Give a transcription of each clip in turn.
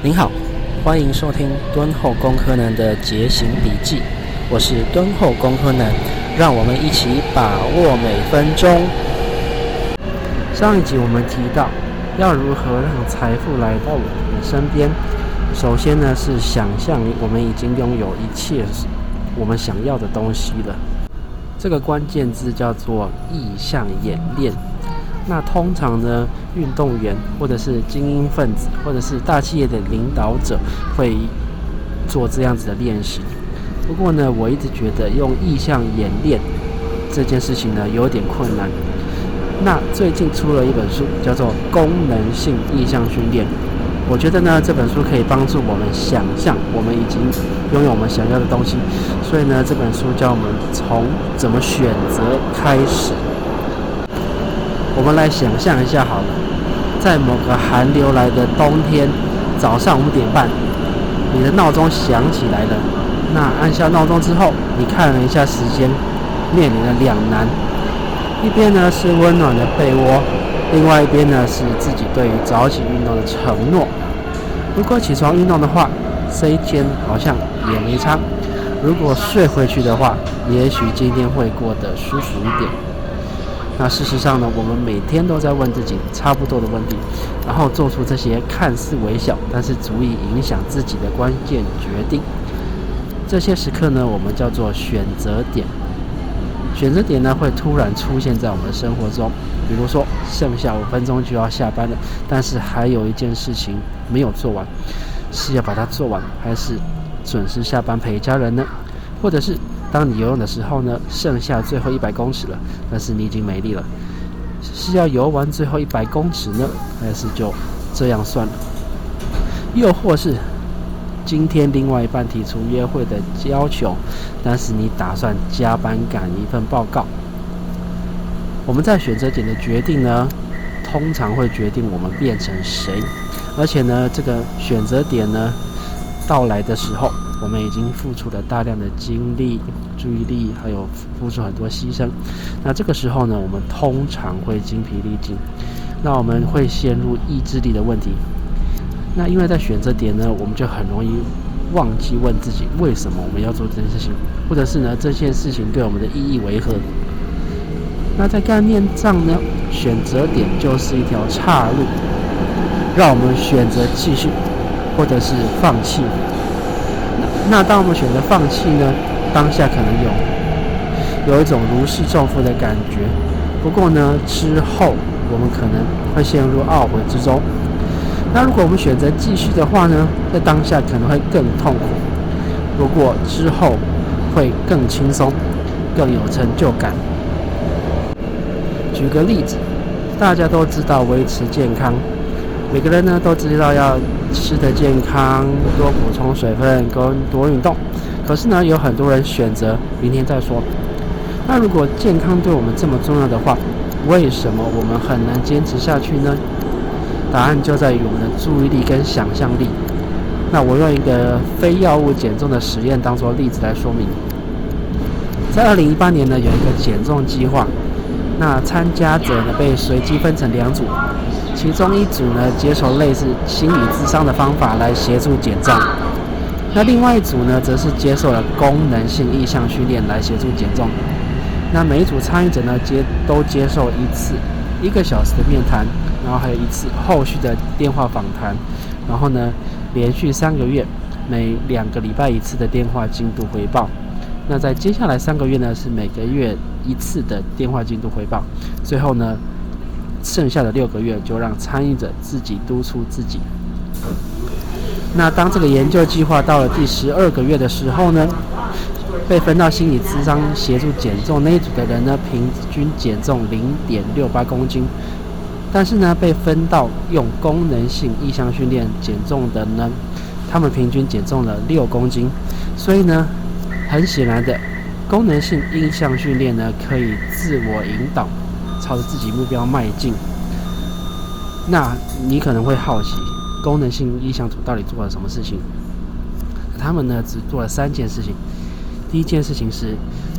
您好，歡迎收聽敦厚工科男的節行筆記，我是敦厚工科男，讓我們一起把握每分鐘。上一集我們提到，要如何讓財富來到我們身邊？首先呢是想象我們已經擁有一切我們想要的東西了，這個關鍵字叫做意象演練。那通常呢，運動員或者是精英分子，或者是大企業的領導者會做這樣子的練習。不過呢，我一直覺得用意象演練這件事情呢有點困難。那最近出了一本書，叫做《功能性意象訓練》。我覺得呢，這本書可以幫助我們想象我們已經擁有我們想要的東西。所以呢，這本書教我們從怎麼選擇開始。我們來想象一下，好了，在某個寒流來的冬天，早上五點半，你的鬧鐘響起來了。那按下鬧鐘之後，你看了一下時間，面臨了兩難：一邊呢是溫暖的被窩，另外一邊呢是自己對於早起運動的承諾。如果起床運動的話，這一天好像也沒差；如果睡回去的話，也許今天會過得舒服一點。那事實上呢，我們每天都在問自己差不多的問題，然後做出這些看似微小，但是足以影響自己的關鍵決定。這些時刻呢，我們叫做選擇點。選擇點呢，會突然出現在我們的生活中，比如說，剩下五分鐘就要下班了，但是還有一件事情沒有做完，是要把它做完，還是準時下班陪家人呢？或者是……當你游泳的時候呢，剩下最後一百公尺了，但是你已經沒力了，是要游完最後一百公尺呢，還是就這樣算了？又或是，今天另外一半提出約會的要求，但是你打算加班趕一份報告？我們在選擇點的決定呢，通常會決定我們變成誰，而且呢，這個選擇點呢，到來的時候，我們已經付出了大量的精力、注意力，還有付出很多犧牲。那這個時候呢，我們通常會精疲力盡，那我們會陷入意志力的問題。那因為在選擇點呢，我們就很容易忘記問自己：為什麼我們要做這件事情？或者是呢，這件事情對我們的意義為何？那在概念上呢，選擇點就是一條岔路，讓我們選擇繼續，或者是放棄。那當我們選擇放棄呢，當下可能有有一種如釋重負的感覺，不過呢，之後我們可能會陷入懊悔之中。那如果我們選擇繼續的話呢，在當下可能會更痛苦，不過之後會更輕鬆，更有成就感。舉個例子，大家都知道維持健康。每個人呢都知道要吃得健康，多補充水分跟多運動，可是呢有很多人選擇明天再說。那如果健康對我們這麼重要的話，為什麼我們很難堅持下去呢？答案就在於我們的注意力跟想象力。那我用一個非藥物減重的實驗當做例子來說明。在二零一八年呢，有一個減重計劃，那參加者呢被隨機分成兩組。其中一組呢，接受類似心理諮商的方法來協助減重；那另外一組呢，則是接受了功能性意象訓練來協助減重。那每一組參與者呢，接都接受一次一個小時的面談，然後還有一次後續的電話訪談，然後呢，連續三個月每兩個禮拜一次的電話進度回報。那在接下來三個月呢，是每個月一次的電話進度回報。最後呢。剩下的六個月就讓參與者自己督促自己。那當這個研究計劃到了第十二個月的時候呢，被分到心理諮商協助減重那一組的人呢，平均減重零點六八公斤。但是呢，被分到用功能性意象訓練減重的人呢，他們平均減重了六公斤。所以呢，很顯然的，功能性意象訓練呢，可以自我引導，朝着自己目標邁進。那你可能會好奇，功能性意象組到底做了什麼事情？他們呢，只做了三件事情。第一件事情是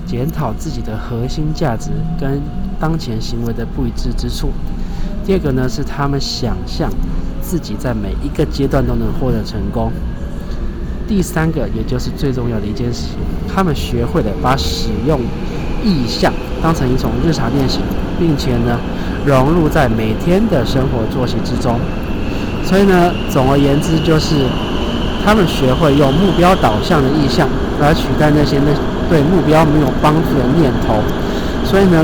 檢討自己的核心價值跟當前行為的不一致之處。第二個呢，是他們想象自己在每一個階段都能獲得成功。第三個，也就是最重要的一件事情，他們學會了把使用。意象當成一種日常練習，並且呢，融入在每天的生活作息之中。所以呢，總而言之就是，他們學會用目標導向的意象來取代那些那對目標沒有幫助的念頭。所以呢，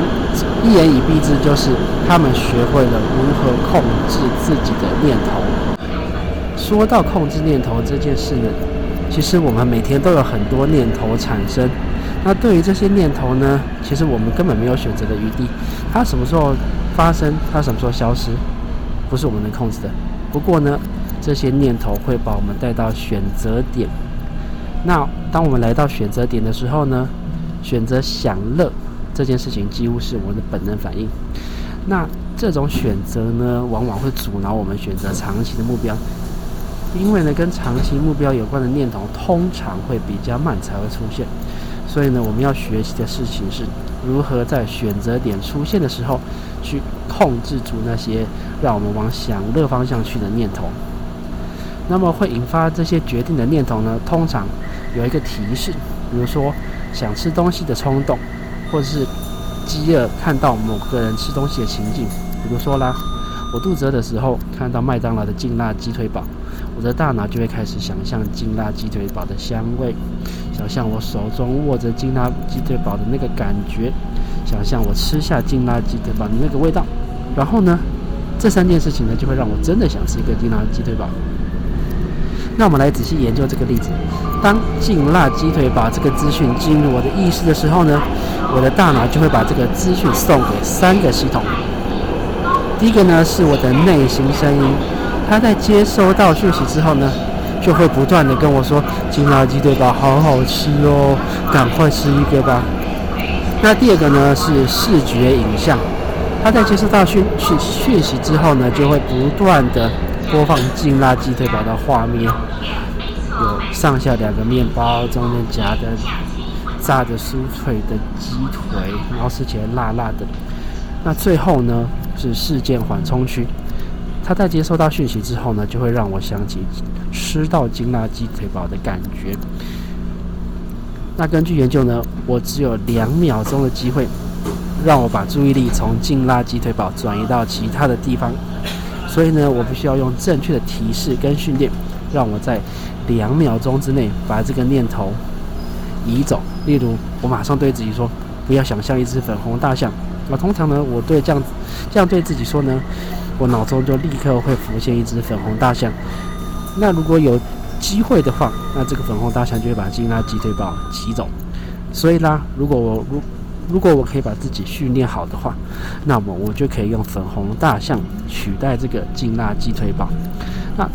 一言以蔽之就是，他們學會了如何控制自己的念頭。說到控制念頭這件事呢，其實我們每天都有很多念頭產生。那對於這些念頭呢，其實我們根本沒有選擇的餘地。它什麼時候發生？它什麼時候消失？不是我們能控制的。不過呢，這些念頭會把我們帶到選擇點。那當我們來到選擇點的時候呢，選擇享樂這件事情幾乎是我們的本能反應。那這種選擇呢，往往會阻撓我們選擇長期的目標，因為呢，跟長期目標有關的念頭通常會比較慢才會出現。所以呢，我們要學習的事情是，如何在選擇點出現的時候，去控制住那些讓我們往享樂方向去的念頭。那麼會引發這些決定的念頭呢，通常有一個提示，比如說想吃東西的衝動，或者是飢餓，看到某個人吃東西的情景。比如說啦，我肚子餓的時候看到麥當勞的勁辣雞腿堡。我的大腦就會開始想象勁辣雞腿堡的香味，想象我手中握着勁辣雞腿堡的那個感覺，想象我吃下勁辣雞腿堡的那個味道。然後呢，這三件事情呢，就會讓我真的想吃一個勁辣雞腿堡。那我們來仔細研究這個例子。當勁辣雞腿堡這個資訊進入我的意識的時候呢，我的大腦就會把這個資訊送給三個系統。第一個呢，是我的內心聲音。他在接收到訊息之後呢，就會不斷的跟我說“勁辣雞腿堡，好好吃哦，趕快吃一個吧。”那第二個呢，是視覺影像，他在接收到訊訊訊息之後呢，就會不斷的播放勁辣雞腿堡的畫面，有上下兩個麵包，中間夾着炸的酥脆的雞腿，然後吃起來辣辣的。那最後呢，是事件緩衝區。他在接收到訊息之後呢，就會讓我想起吃到勁辣雞腿堡的感覺。那根據研究呢，我只有兩秒鐘的機會，讓我把注意力從勁辣雞腿堡轉移到其他的地方。所以呢，我必須要用正確的提示跟訓練，讓我在兩秒鐘之內把這個念頭移走。例如，我馬上對自己說：“不要想象一隻粉紅大象。”那通常呢，我對這樣這樣對自己說呢。我腦中就立刻會浮現一隻粉紅大象。那如果有機會的話，那這個粉紅大象就會把勁辣雞腿堡騎走。所以啦，如果我如如果我可以把自己訓練好的話，那麼我就可以用粉紅大象取代這個勁辣雞腿堡。那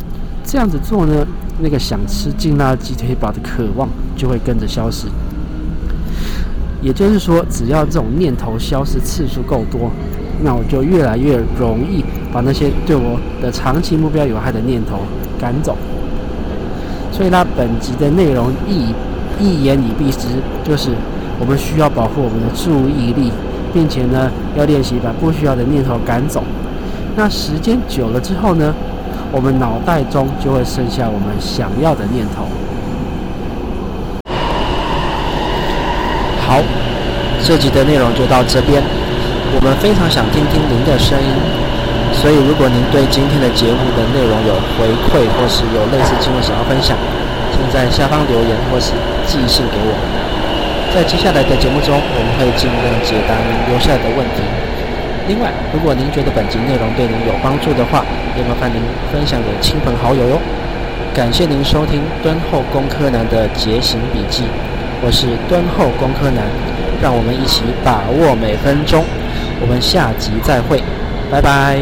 這樣子做呢，那個想吃勁辣雞腿堡的渴望就會跟着消失。也就是說，只要這種念頭消失次數夠多，那我就越來越容易。把那些對我的長期目標有害的念頭趕走。所以，那本集的內容一一言以蔽之，就是我們需要保護我們的注意力，並且呢，要練習把不需要的念頭趕走。那時間久了之後呢，我們腦袋中就會剩下我們想要的念頭。好，這集的內容就到這邊。我們非常想聽聽您的聲音。所以，如果您對今天的節目的內容有回饋，或是有類似經歷想要分享，請在下方留言或是寄信給我們。在接下來的節目中，我們會盡量解答您留下來的問題。另外，如果您覺得本集內容對您有幫助的話，也麻煩您分享給親朋好友喲。感謝您收聽敦厚工科男的節行筆記，我是敦厚工科男，讓我們一起把握每分鐘。我們下集再會，拜拜。